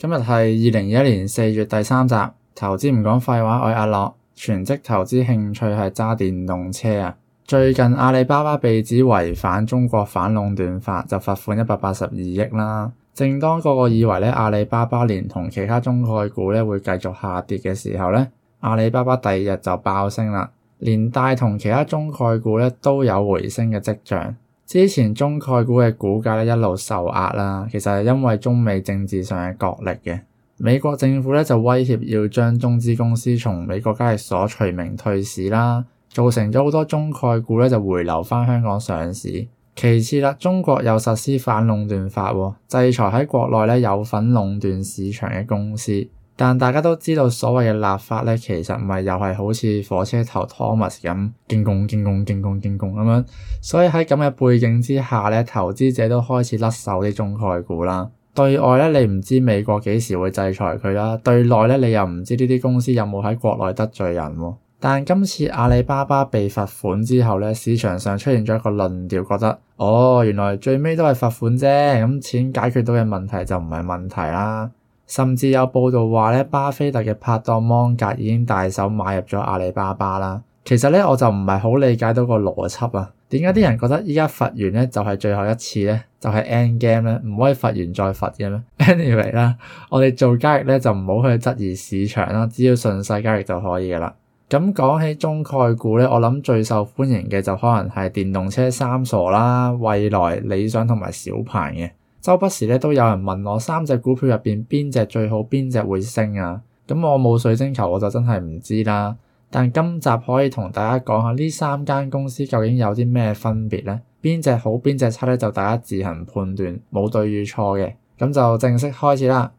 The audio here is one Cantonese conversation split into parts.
今日係二零二一年四月第三集，投資唔講廢話，我係阿樂，全職投資興趣係揸電動車啊！最近阿里巴巴被指違反中國反壟斷法，就罰款一百八十二億啦。正當個個以為咧阿里巴巴連同其他中概股咧會繼續下跌嘅時候咧，阿里巴巴第二日就爆升啦，連大同其他中概股咧都有回升嘅跡象。之前中概股嘅股價咧一路受壓啦，其實係因為中美政治上嘅角力嘅。美國政府咧就威脅要將中資公司從美國交易所除名退市啦，造成咗好多中概股咧就回流返香港上市。其次啦，中國又實施反壟斷法，制裁喺國內咧有份壟斷市場嘅公司。但大家都知道所謂嘅立法咧，其實唔係又係好似火車頭 Thomas 咁，驚拱驚拱驚拱驚拱咁樣。所以喺咁嘅背景之下咧，投資者都開始甩手啲中概股啦。對外咧，你唔知美國幾時會制裁佢啦；對內咧，你又唔知呢啲公司有冇喺國內得罪人喎、啊。但今次阿里巴巴被罰款之後咧，市場上出現咗一個論調，覺得哦，原來最尾都係罰款啫，咁錢解決到嘅問題就唔係問題啦。甚至有報道話咧，巴菲特嘅拍檔芒格已經大手買入咗阿里巴巴啦。其實咧，我就唔係好理解到個邏輯啊。點解啲人覺得依家罰完咧就係最後一次咧，就係 end game 咧，唔可以罰完再罰嘅咩？Anyway 啦，我哋做交易咧就唔好去質疑市場啦，只要順勢交易就可以噶啦。咁講起中概股咧，我諗最受歡迎嘅就可能係電動車三傻啦、蔚來、理想同埋小鵬嘅。周不時咧都有人問我三隻股票入邊邊隻最好邊隻會升啊，咁我冇水晶球我就真係唔知啦。但今集可以同大家講下呢三間公司究竟有啲咩分別咧？邊隻好邊隻差咧就大家自行判斷，冇對與錯嘅。咁就正式開始啦。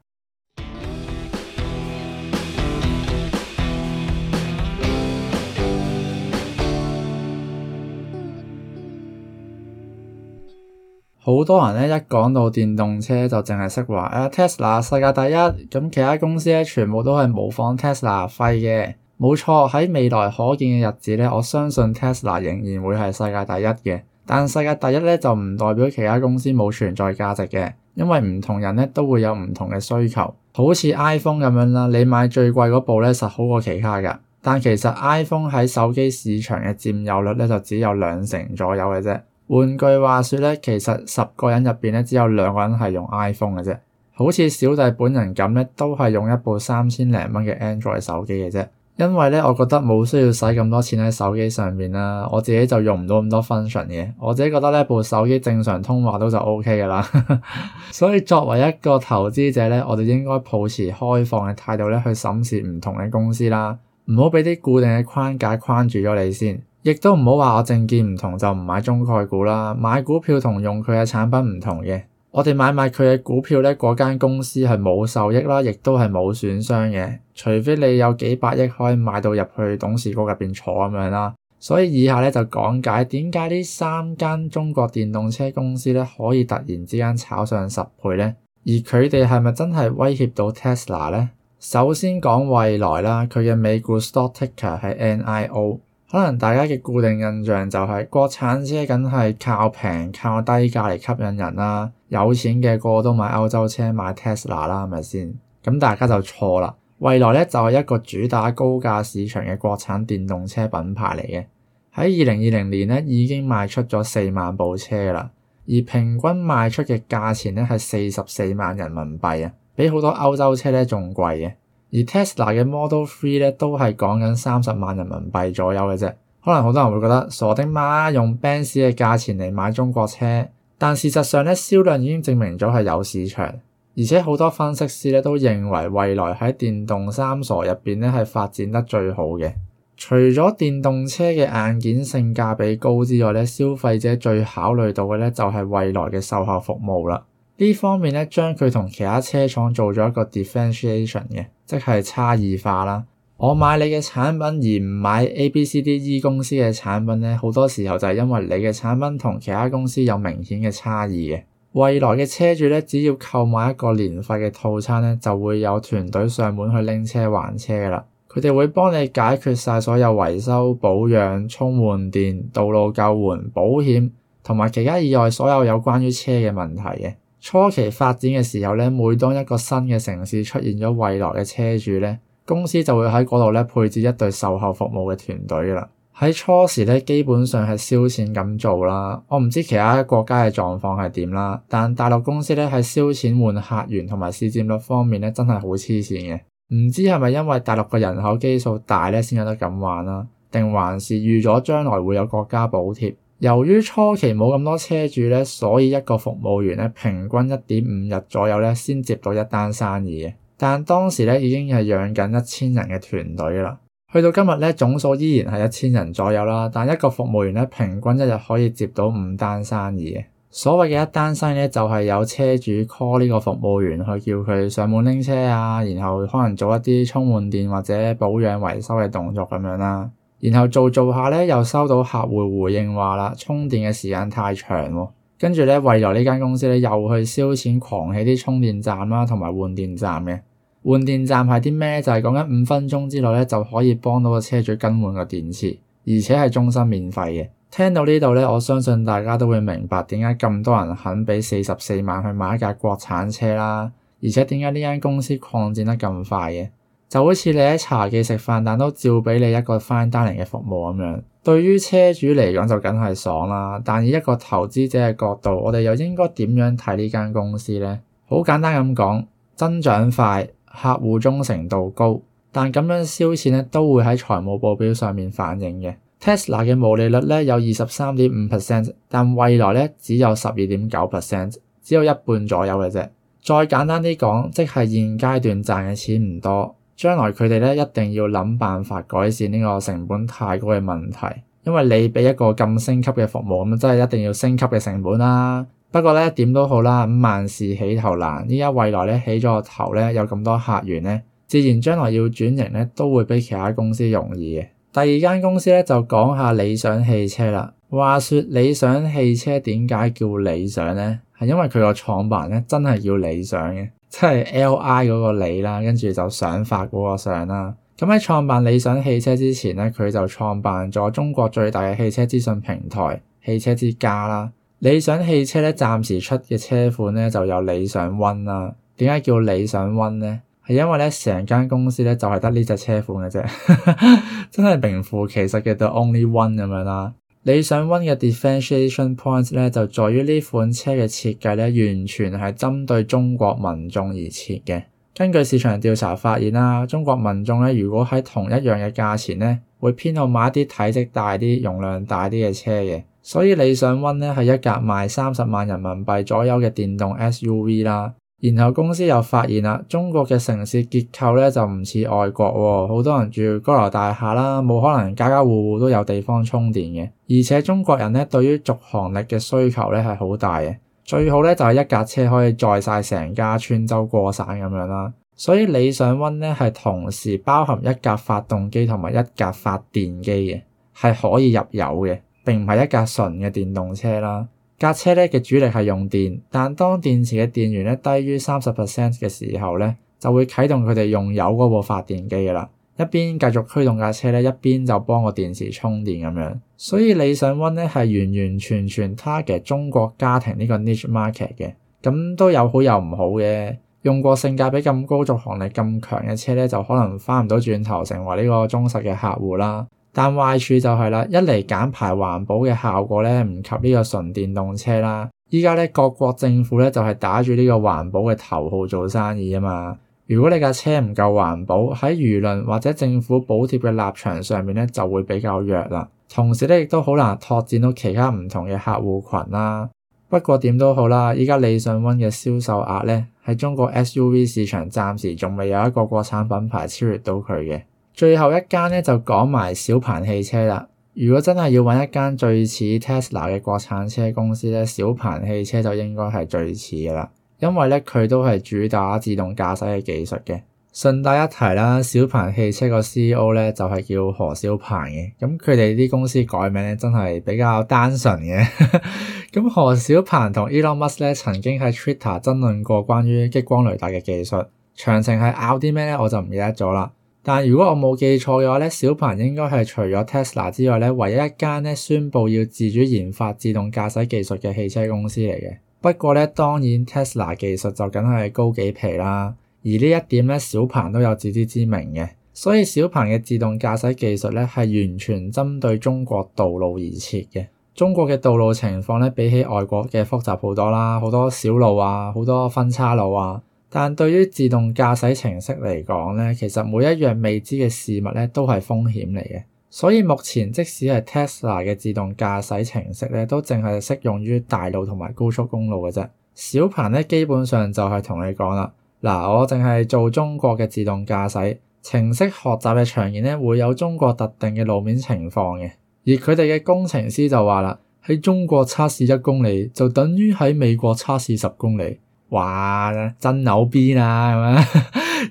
好多人咧一講到電動車就淨係識話誒 Tesla 世界第一咁，其他公司咧全部都係模仿 Tesla 飛嘅。冇錯，喺未來可見嘅日子咧，我相信 Tesla 仍然會係世界第一嘅。但世界第一咧就唔代表其他公司冇存在價值嘅，因為唔同人咧都會有唔同嘅需求。好似 iPhone 咁樣啦，你買最貴嗰部咧實好過其他㗎。但其實 iPhone 喺手機市場嘅佔有率咧就只有兩成左右嘅啫。換句話說咧，其實十個人入邊咧，只有兩個人係用 iPhone 嘅啫。好似小弟本人咁咧，都係用一部三千零蚊嘅 Android 手機嘅啫。因為咧，我覺得冇需要使咁多錢喺手機上面啦。我自己就用唔到咁多 function 嘅。我自己覺得呢部手機正常通話都就 OK 㗎啦。 所以作為一個投資者咧，我哋應該抱持開放嘅態度咧，去審視唔同嘅公司啦。唔好俾啲固定嘅框架框住咗你先。亦都唔好話我政見唔同就唔買中概股啦。買股票同用佢嘅產品唔同嘅。我哋買賣佢嘅股票咧，嗰間公司係冇受益啦，亦都係冇損傷嘅。除非你有幾百億可以買到入去董事局入邊坐咁樣啦。所以以下咧就講解點解呢三間中國電動車公司咧可以突然之間炒上十倍咧，而佢哋係咪真係威脅到 Tesla 咧？首先講蔚來啦，佢嘅美股 stock ticker 係 n i o。可能大家嘅固定印象就係、是、國產車梗係靠平、靠低價嚟吸引人啦，有錢嘅個個都買歐洲車、買 Tesla 啦，係咪先？咁大家就錯啦。蔚來咧就係一個主打高價市場嘅國產電動車品牌嚟嘅。喺二零二零年咧已經賣出咗四萬部車啦，而平均賣出嘅價錢咧係四十四萬人民幣啊，比好多歐洲車咧仲貴嘅。而 Tesla 嘅 Model 3咧都係講緊三十萬人民幣左右嘅啫，可能好多人會覺得傻的媽用 Benz 嘅價錢嚟買中國車，但事實上咧銷量已經證明咗係有市場，而且好多分析師咧都認為蔚來喺電動三傻入邊咧係發展得最好嘅。除咗電動車嘅硬件性價比高之外咧，消費者最考慮到嘅咧就係、是、未來嘅售後服務啦。呢方面咧，將佢同其他車廠做咗一個 differentiation 嘅，即係差異化啦。我買你嘅產品而唔買 A、B、C、D、E 公司嘅產品咧，好多時候就係因為你嘅產品同其他公司有明顯嘅差異嘅。蔚來嘅車主咧，只要購買一個年費嘅套餐咧，就會有團隊上門去拎車還車啦。佢哋會幫你解決晒所有維修、保養、充換電、道路救援、保險同埋其他以外所有有關於車嘅問題嘅。初期發展嘅時候咧，每當一個新嘅城市出現咗蔚來嘅車主咧，公司就會喺嗰度咧配置一隊售後服務嘅團隊啦。喺初時咧，基本上係燒錢咁做啦。我唔知其他國家嘅狀況係點啦，但大陸公司咧喺燒錢換客源同埋市佔率方面咧，真係好黐線嘅。唔知係咪因為大陸嘅人口基數大咧先有得咁玩啦，定還是預咗將來會有國家補貼？由於初期冇咁多車主咧，所以一個服務員咧平均一點五日左右咧先接到一單生意嘅。但當時咧已經係養緊一千人嘅團隊啦。去到今日咧總數依然係一千人左右啦，但一個服務員咧平均一日可以接到五單生意嘅。所謂嘅一單生意呢就係有車主 call 呢個服務員去叫佢上門拎車啊，然後可能做一啲充換電或者保養維修嘅動作咁樣啦。然後做做下咧，又收到客戶回應話啦，充電嘅時間太長喎。跟住咧，蔚來呢間公司咧又去燒錢狂起啲充電站啦，啊，同埋換電站嘅。換電站係啲咩？就係講緊五分鐘之內咧就可以幫到個車主更換個電池，而且係終身免費嘅。聽到呢度咧，我相信大家都會明白點解咁多人肯俾四十四萬去買一架國產車啦，而且點解呢間公司擴展得咁快嘅？就好似你喺茶記食飯，但都照畀你一個 fine dining 嘅服務咁樣。對於車主嚟講就梗係爽啦，但以一個投資者嘅角度，我哋又應該點樣睇呢間公司呢？好簡單咁講，增長快，客戶忠誠度高，但咁樣燒錢咧都會喺財務報表上面反映嘅。Tesla 嘅毛利率呢，有二十三點五 percent，但蔚來呢，只有十二點九 percent，只有一半左右嘅啫。再簡單啲講，即係現階段賺嘅錢唔多。將來佢哋咧一定要諗辦法改善呢個成本太高嘅問題，因為你畀一個咁升級嘅服務，咁真係一定要升級嘅成本啦。不過咧點都好啦，萬事起頭難，依家蔚來咧起咗個頭咧有咁多客源咧，自然將來要轉型咧都會比其他公司容易嘅。第二間公司咧就講下理想汽車啦。話說理想汽車點解叫理想咧？係因為佢個創辦咧真係要理想嘅。即係 L.I. 嗰個李啦，跟住就想法嗰個想啦。咁喺創辦理想汽車之前咧，佢就創辦咗中國最大嘅汽車資訊平台汽車之家啦。理想汽車咧，暫時出嘅車款咧就有理想 One 啦。點解叫理想 One 咧？係因為咧成間公司咧就係得呢隻車款嘅啫， 真係名副其實嘅 The Only One 咁樣啦。理想 One 嘅 differentiation points 咧，就在於呢款車嘅設計咧，完全係針對中國民眾而設嘅。根據市場調查發現啦，中國民眾咧，如果喺同一樣嘅價錢咧，會偏好買一啲體積大啲、容量大啲嘅車嘅。所以理想 One 咧，係一架賣三十萬人民幣左右嘅電動 SUV 啦。然後公司又發現啦，中國嘅城市結構咧就唔似外國喎、哦，好多人住高樓大廈啦，冇可能家家戶戶都有地方充電嘅。而且中國人咧對於續航力嘅需求咧係好大嘅，最好咧就係、是、一架車可以載晒成家穿州過省咁樣啦。所以理想 One 咧係同時包含一架發動機同埋一架發電機嘅，係可以入油嘅，並唔係一架純嘅電動車啦。架車咧嘅主力係用電，但當電池嘅電源咧低於三十 percent 嘅時候咧，就會啟動佢哋用油嗰部發電機噶啦，一邊繼續驅動架車咧，一邊就幫個電池充電咁樣。所以理想 One 咧係完完全全 target 中國家庭呢個 niche market 嘅，咁都有好有唔好嘅。用過性價比咁高、續航力咁強嘅車咧，就可能翻唔到轉頭成為呢個忠實嘅客戶啦。但壞處就係、是、啦，一嚟減排環保嘅效果咧唔及呢個純電動車啦。依家咧各國政府咧就係打住呢個環保嘅頭號做生意啊嘛。如果你架車唔夠環保，喺輿論或者政府補貼嘅立場上面咧就會比較弱啦。同時咧亦都好難拓展到其他唔同嘅客戶群啦。不過點都好啦，依家理想 ONE 嘅銷售額咧喺中國 SUV 市場暫時仲未有一個國產品牌超越到佢嘅。最後一間咧就講埋小鵬汽車啦。如果真係要揾一間最似 Tesla 嘅國產車公司咧，小鵬汽車就應該係最似嘅啦，因為咧佢都係主打自動駕駛嘅技術嘅。順帶一提啦，小鵬汽車個 CEO 咧就係叫何小鵬嘅。咁佢哋啲公司改名咧真係比較單純嘅。咁 何小鵬同 Elon Musk 咧曾經喺 Twitter 爭論過關於激光雷達嘅技術，詳情係拗啲咩咧，我就唔記得咗啦。但如果我冇記錯嘅話咧，小鵬應該係除咗 Tesla 之外咧，唯一一間咧宣佈要自主研發自動駕駛技術嘅汽車公司嚟嘅。不過咧，當然 Tesla 技術就梗係高幾皮啦。而呢一點咧，小鵬都有自知之明嘅。所以小鵬嘅自動駕駛技術咧，係完全針對中國道路而設嘅。中國嘅道路情況咧，比起外國嘅複雜好多啦，好多小路啊，好多分叉路啊。但對於自動駕駛程式嚟講咧，其實每一樣未知嘅事物咧都係風險嚟嘅。所以目前即使係 Tesla 嘅自動駕駛程式咧，都淨係適用於大路同埋高速公路嘅啫。小鵬咧基本上就係同你講啦，嗱，我淨係做中國嘅自動駕駛程式學習嘅場面咧，會有中國特定嘅路面情況嘅。而佢哋嘅工程師就話啦，喺中國測試一公里就等於喺美國測試十公里。哇，真牛逼啊！咁樣，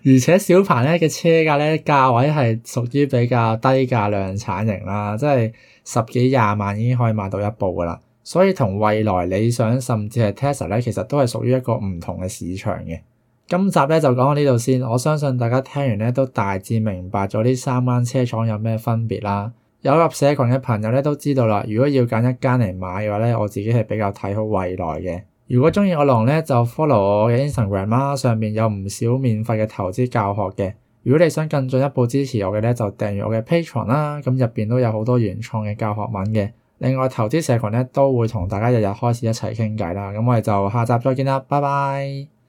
而且小鵬咧嘅車價咧價位係屬於比較低價量產型啦，即係十幾廿萬已經可以買到一部噶啦。所以同蔚來、理想甚至係 Tesla 咧，其實都係屬於一個唔同嘅市場嘅。今集咧就講到呢度先。我相信大家聽完咧都大致明白咗呢三間車廠有咩分別啦。有入社群嘅朋友咧都知道啦。如果要揀一間嚟買嘅話咧，我自己係比較睇好蔚來嘅。如果鍾意我郎咧，就 follow 我嘅 Instagram 啦，上面有唔少免費嘅投資教學嘅。如果你想更進一步支持我嘅咧，就訂閱我嘅 Patreon 啦、啊，咁入邊都有好多原創嘅教學文嘅。另外投資社群咧都會同大家日日開始一齊傾偈啦，咁我哋就下集再見啦，拜拜。